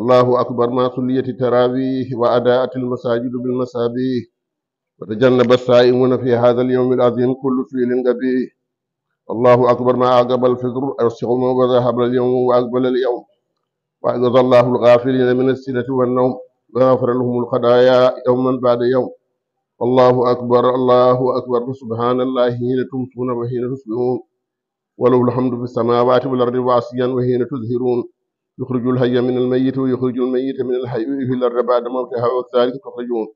allahu akbar ma sulliyati tarawih wa adaati almasajidu bilmasabih wa tajannaba saa'imuna fi hadha alyawmi alazim kullu fiilin gabi allahu akbar ma agaba alfitr assumu wa dhahaba alyawm wa aqbala alyawm wa ajza allahu alghafilina min as-sinati wan-nawm wa ghafara lahum alkhataaya yawman ba'da yawm allahu akbar allahu akbar subhanallahi hiina tumsuuna wa hiina tusbihuun wa lahu alhamdu fi samaawaati wal ardi wa asyan wa hiina tuzhiruun yuxrijul hayya minal mayyiti wa yuxrijul mayyita minal hayyi wa yuhyil arda ba'da mawtiha wa kadhalika tuxrajuun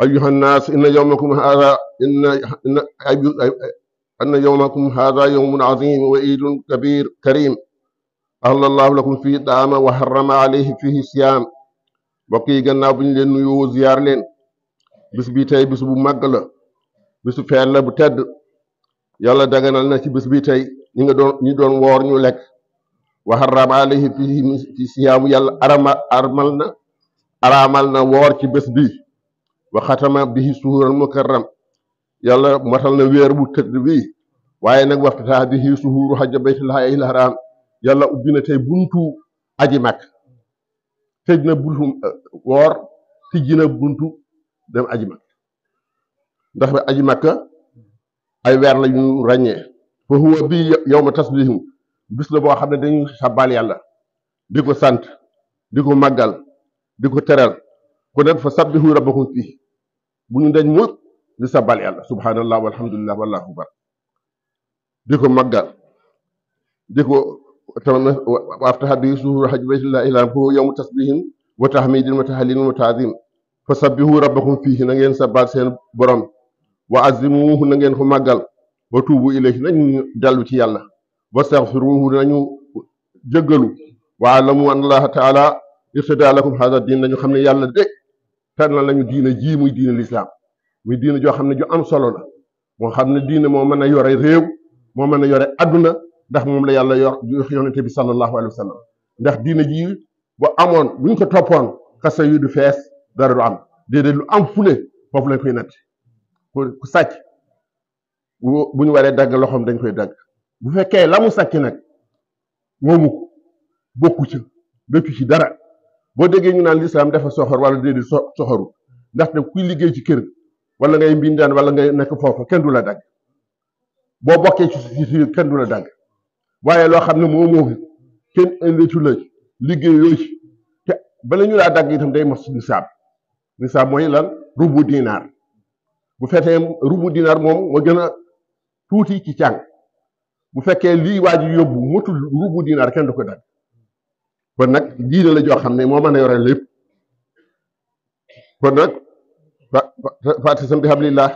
ayyuha nnaas inna yawmakum haadha inna inna anna yawmakum haadha yawmun aziim wa iidun kabiir kariim ahalla llaahu lakum fiihi ta'aama wa harrama alayhi fiihi siyaam mbokk yi gannaaw bu ñu leen nuyoo ziyaar leen bis bi tey bis bu màgg la bisu feet la bu tedd yàlla daganal na ci bis bi tey ñi nga doon ñi doon woor ñu lekk wa harrama fi siyaamu yàlla arama na araamal woor ci bés bi wa xatama bihi suhuran mukarram yàlla matal na weer bu tëdd bi waaye nag waftataha bihi suhuru hajja baytillaahil haraam yàlla ubbi na tey buntu aji mag tëj na buntu woor tijji na buntu dem aji mag ndax aji makka ay weer la ñu ràññee fa huwa bii yow ma tasbihum bis la boo xam ne dañuy sabal yàlla di ko sant di ko màggal di ko teral ku nekk fa sabbihu rabbakum fii bu ñu dañ mut di sabal yàlla subhanallah walhamdulillah wallahu akbar di ko màggal di ko tamam waftaha bi suhur haj baytillah ilaa fa huwa yowmu tasbihim wa tahmidin wa tahlilin wa taazim fa fii na ngeen sabal seen borom wa azimuhu na ngeen ko màggal wa tuubu ilayhi nañu dellu ci yàlla wastaxfiruhu nañu jëggalu wa alamu an allaha taala irtada lakum hada diin nañu xam ne yàlla de na lañu diine ji muy diine lislaam muy diine joo xam ne ju am solo la moo xam ne diine moo mën a yore réew moo mën a yore àdduna ndax moom la yàlla yor yonente bi sallallahu alayhi wa ndax diina ji bu amoon buñ ko toppoon kasa yu du fees dara du am déedéet lu am foofu lañ koy natt ku sàcc bu ñu waree dagg loxoom dañ koy dagg bu fekkee lamu mu sàcc nag moomu ko bokku ci dëkku ci dara boo déggee ñu naan lislaam dafa soxor wala déedéet so soxoru ndaxte kuy liggéey ci kër wala ngay mbindaan wala ngay nekk foofu kenn du la dagg boo bokkee ci si kenn du la dagg waaye loo xam ne moo moo kenn inditu la liggéey yooyu te bala laa dagg itam day mos nisaab nisaab mooy lan rubu dinaar bu fekkee rubu dinar moom moo gën a tuuti ci càng bu fekkee lii waa ji yóbbu motul rubu dinar kenn du ko dagg kon nag diine la joo xam ne moo mën a yore lépp kon nag fatisam bi hablillah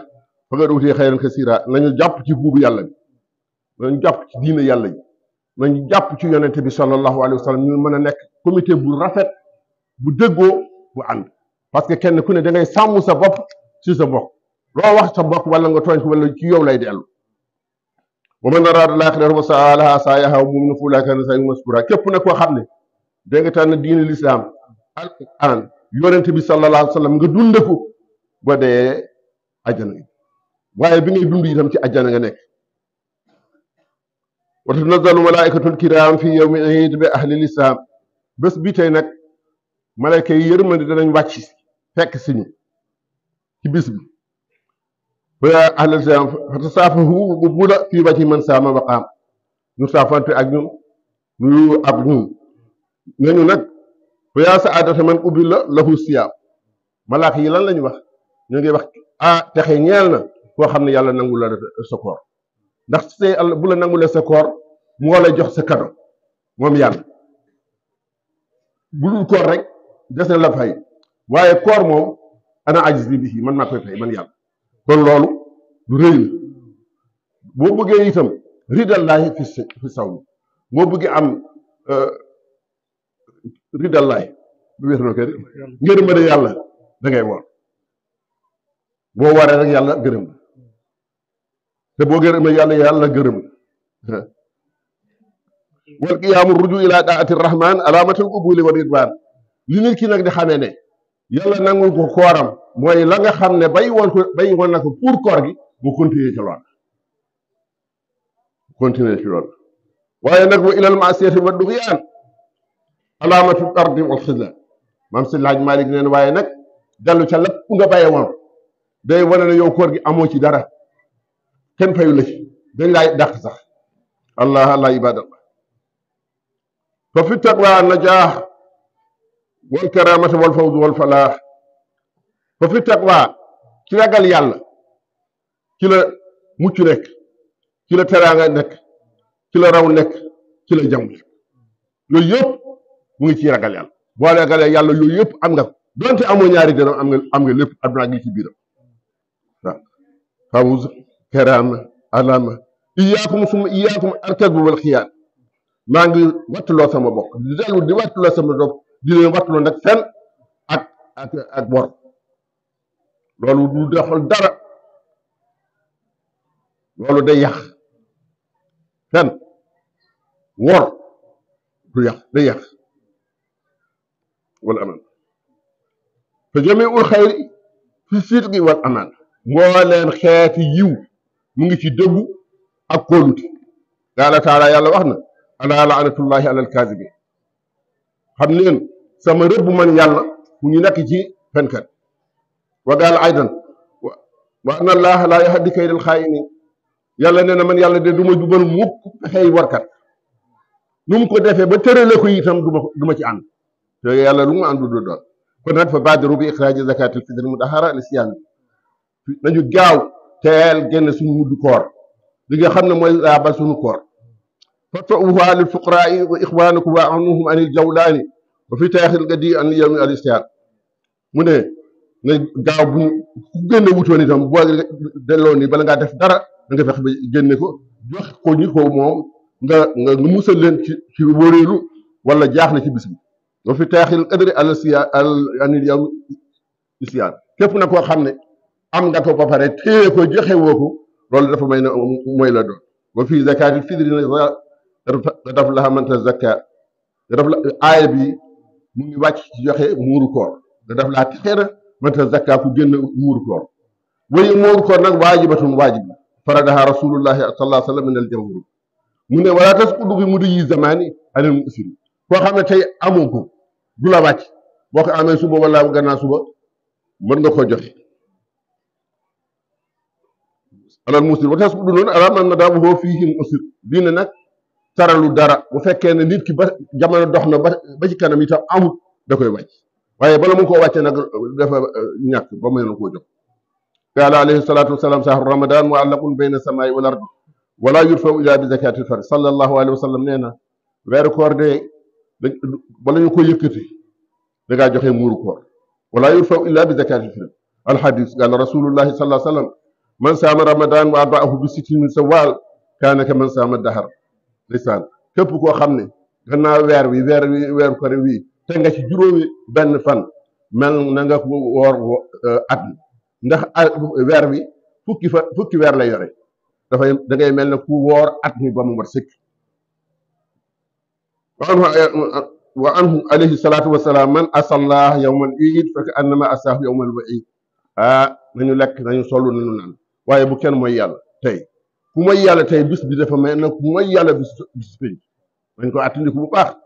faqad uutiya xayran kasiira nañu jàpp ci buubu yàlla bi nañu jàpp ci diine yàlla bi nañu jàpp ci yonente bi sallallahu alayhi wa sallam ñu mën a nekk comité bu rafet bu déggoo bu ànd parce que kenn ku ne dangay sàmm sa bopp ci sa bopp loo wax sa bopp wala nga tooñ ko wala ci yow lay dellu wa man araada laaxirata wa sa'a lahaa sa'yahaa wa mu'minun fa ulaa'ika kaana sa'yuhum mashkuuraa képp nag koo xam ne da nga tànn diine lislaam alquran yonente bi sallallahu alayhi wa sallam nga dund ko ba dee ajjana waaye bi ngay dund itam ci ajjana nga nekk wa tanazzalu malaa'ikatul kiraam fii yawmil iid bi ahlil islaam bés bi tey nag malayka yi yërmande danañ wàcc fekk si ñu ci bis bi yaa ahlal siyaam fatasaafahu bu buuda fii ba ci man saama maqaam ñu saafante ak ñun nuyu ak ñun nañu nag yaa saadata man ubbi la lahu siyaam malaaka yi lan la wax ñu ngi wax ah texe ñeel na koo xam ne yàlla nangu la sa koor ndax see àll bu la nangulee sa koor moo jox sa kado moom yàlla bu dul koor rek des na la fay waaye koor moom ana ajis bi bii man maa koy fay man yàlla kon loolu lu rëy la boo bëggee itam ridallaahi fi fi boo bëggee am euh, ridallaay lu weesu na ko ngërëm ma de yàlla da ngay boo waree rek yàlla gërëm la te boo gërëmee yàlla yàlla gërëm la wal qiyaamu ruju ilaa daati rahman alaamatul qubuli wa ridwaan li nit ki nag di xamee ne yàlla nangul ko kooram mooy la nga xam ne bay woon ko bay woon na ko pour koor gi mu continuer ci lool continuer ci lool nag wa ilal maasiyati wa duxyaan alaamatu tardi wal xisla maam si laaj Malick neen waaye nag dellu ca lépp nga bàyyee woon day wane ne yow koor gi amoo ci dara kenn fayu la ci dañ laay dàq sax allah allah ibadallah fa fi taqwa najaax wal karaamata wal fawz wal falaax ba fi taqwa ci ragal yàlla ci la mucc nekk ci la teraanga nekk ci la raw nekk ci la jàmm nekk yooyu mu ngi ciy ragal yàlla boo ragalee yàlla yooyu yëpp am nga donte amoo ñaari dërëm am nga am nga lépp adduna ngi ci biiram waaw fawuz keraama alaama iyaakum suma iyaakum arkabu wal xiyaar maa ngi wattuloo sama bopp di dellu di wattuloo sama bopp di leen wattuloo nag fen ak ak ak loolu du defal dara loolu day yàq fen wor du yàq day yàq wal amaan fa jamiul xayri fi sidqi wal amaan moo leen xeeti yiw mu ngi ci dëggu ak kóolute qaala taala yàlla wax na alaa laanatullahi alal kaasibiin xam leen sama rëbb man yàlla mu ngi nekk ci fenkat وقال أيضا وأن الله لا يهدي كيد الخائنين yàlla nee na man yàlla de du ma jubal mukk pexey warkat nu mu ko defee ba tërale ko itam du ma du ma ci ànd te yàlla lu mu àndu du doon kon nag fa baadiru bi ixraaji zakatil fitr mudahara li siyaan nañu gaaw teel génn suñu muddu koor li nga xam ne mooy laabal suñu koor fatawuha lil fuqaraai wa ixwaanukum wa anuhum anil jawlaani wa fi taaxil gadi an yawmi al mu ne nga gaaw bu ku génne wutoon itam boo delloo nii bala ngaa def dara da nga fex ba génne ko jox ko ñi ko moom nga nga musal leen ci ci wóoreelu wala na ci bis bi nga fi taaxil qadri al siya al képp na koo xam ne am nga ko ba pare téye ko joxe woo ko loolu dafa may ne mooy la doon ba fii zakaatil fitri na daf la xamante zakka daf la aaya bi mu ngi wàcc ci joxe muuru koor da daf laa texee na manta zakka ku génn muuru koor wayu muuru koor nag waajibatun waajib la faradaha rasulullahi sallallahu alayhi wa sallam mu ne wala tasqudu bi xam ne tey amoo ko du la wàcc boo ko amee suba wala gannaaw suba mën nga ko joxe alal musir wa tasqudu noonu ala man madamuhu fiihim usir diine nag taralu dara bu fekkee ne nit ki ba jamono dox na ba ci kanam itam amut da koy wàcc waaye bala mu koo wàcce nag dafa euh, ñàkk ba mu leen koo jox qaala alayhi salaatu wasalaam sahru ramadan muallaqun bayna samaai wal ardi wala yurfau illa bi zakati far sallallahu wa sallam nee na weeru koor de bala ñu ko yëkkati da ngaa joxe muuru koor wala yurfau illa bi zakati far alhadis qaala rasulullahi sallallahu wa sallam man saama ramadan wa arbaahu bi sittin min sawaal kaana ka man saama dahar lisaan képp koo xam ne gannaaw weer wi weer te nga ci juróomi benn fan mel na nga ko woor eh, at ndax ah, weer bi fukki fa fukki weer la yore dafay dangay mel ne ku woor at mi ba mu mat sëkk wa anhu eh, alayhi salaatu wasalaam man asallah yawmal iid fekk annama asaahu yawmal waid ah nañu lekk nañu sollu nañu naan waaye bu kenn mooy yàlla tey ku mooy yàlla tey bis bi dafa mel ne ku mooy yàlla bis bis pénc dañ ko bu baax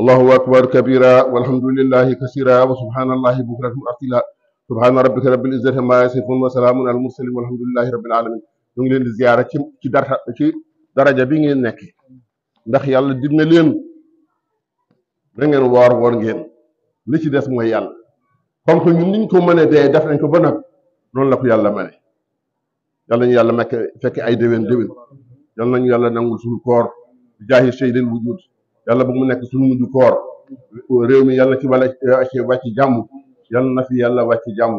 allahu akbar kabira walhamdulillahi kasira wa subhanallahi bukratan wa asila subhana rabbika rabbil izzati amma yasifun wa salaamun al mursalin walhamdulillahi rabbil alamin ñu ngi leen di ziyaara ci ci dara ci daraja bi ngeen nekk ndax yàlla dig na leen da ngeen woor woor ngeen li ci des mooy yàlla comme que ñun niñ ko mënee dee def nañ ko ba nag noonu la ko yàlla mëne yàlla ñu yàlla mekk fekk ay déwén déwén yàlla nañu yàlla nangul suñu koor jaahi seydil wujud yàlla bu mu nekk suñu mujj koor réew mi yàlla ci wàlla wàcc wàcc jàmm yàlla na fi yàlla wàcc jàmm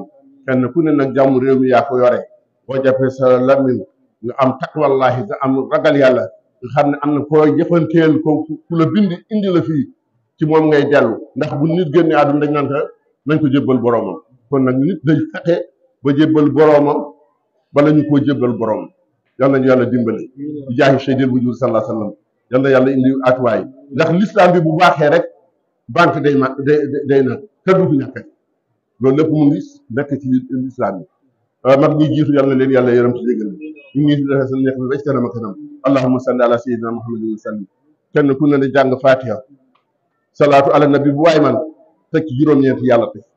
kenn ku ne nag jàmm réew mi yaa ko yore boo jàppee sa lamin nga am taqwallahi nga am ragal yàlla nga xam ne am na koo jëfanteel ko ku la bind indi la fii ci moom ngay dellu ndax bu nit génnee àdduna dañ naan ko nañ ko jébbal boroomam kon nag nit day fexe ba jébbal boroomam ba ñu koo jébbal borom yàlla nañu yàlla dimbali bi jaahi seydil wujud sallallahu alayhi yal na yàlla indi atuwaay ndax l'islam bi bu baaxee rek banque day ma day day na kër du fi ñàkk loolu lépp mu ngi nekk ci l'islam bi euh, mag ñi jiitu yal na leen yàlla yërëm ci jégal ñu ngi defee seen nekk bi ba ci kanam ak kanam allahumma salli ala sayyidina muhammadin wa kenn ku ne jàng fatiha salaatu ala nabi bu waay man teg ci juróom-ñeent yàlla teg